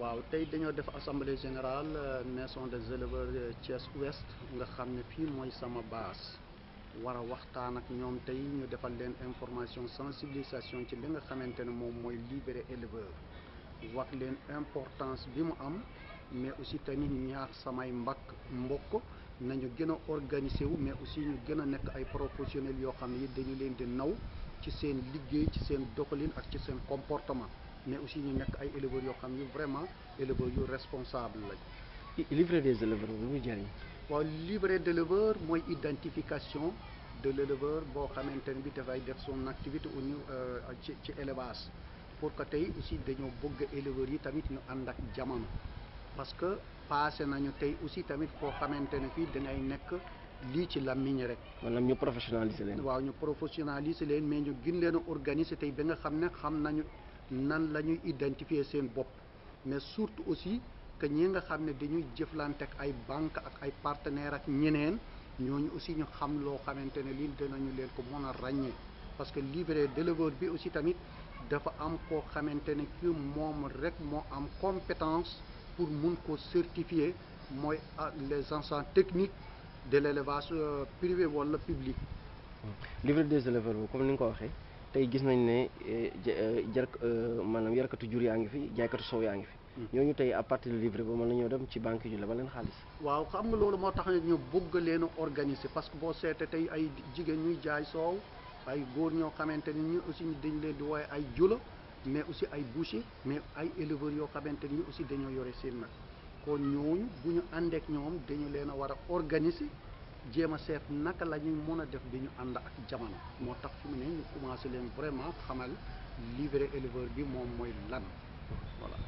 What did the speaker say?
waaw tey dañoo def assemblée générale euh, maison des éleveurs euh, Thiès Ouest nga xam ne fii mooy sama baas war a waxtaan ak ñoom tey ñu defal leen information sensibilisation ci li nga xamante ne moom mooy libéré éleveur wax leen importance bi mu am mais aussi tamit ñaar samay mbakk mbokk nañu gën a organiser wu mais aussi ñu gën a nekk ay professionnels yoo xam ne dañu leen di naw ci seen liggéey ci seen doxalin ak ci seen comportement mais aussi ñu nekk ay éleveurs yoo xam ne vraiment éleveurs yu responsable lañ. livret des éleveurs lu muy jëriñ. waaw livret d'éleveur mooy identification de l'éleveur boo xamante ne bi dafay def son activité au niveau euh, ci ci élevage pour que tey aussi dañoo bëgg éleveurs yi tamit ñu ànd ak jamono parce que passé nañu tey aussi tamit foo xamante ne fii dangay nekk lii ci làmmiñ rek. maanaam ñu professionnaliser leen. waaw ñu professionnaliser leen mais ñu gën leen a tey ba nga xam ne xam nañu. nan la ñuy identifier seen bopp mais surtout aussi que ñi nga xam ne dañuy jëflante ak ay banque ak ay partenaires ak ñeneen ñooñu aussi ñu xam loo xamante ne lii dinañu leen ko mën a ràññee parce que livret d'éleveur bi aussi tamit dafa am koo xamante ne ki moom rek moo am compétence pour mun ko certifier mooy les instances techniques de l'élevage euh, privé wala public mmh. livret des éleveurs comme ni nga ko waxee tey gis nañ ne eh, jër eh, eh, maanaam yarkatu jur yaa ngi fi jaaykatu soow yaa ngi fi hmm. ñooñu tey à partir de livre ba mën nañoo dem ci banque yu la ba leen xaalis waaw xam nga loolu moo tax ne ñu bëgg leen a organiser parce que boo seetee tey ay jigéen ñuy jaay soow ay góor ñoo xamante ni ñu aussi dañu leen di wooye ay jula mais aussi ay boucher mais ay éleveurs yoo xamante ni ñu aussi dañoo yore seen nag kon ñooñu bu ñu àndeek ñoom dañu leen a war a organiser jéem a seet naka la ñuy mën a def bi ñu ànd ak jamono moo tax fi mu ne ñu commencé leen vraiment xamal livret éleveur bi moom mooy lan voilà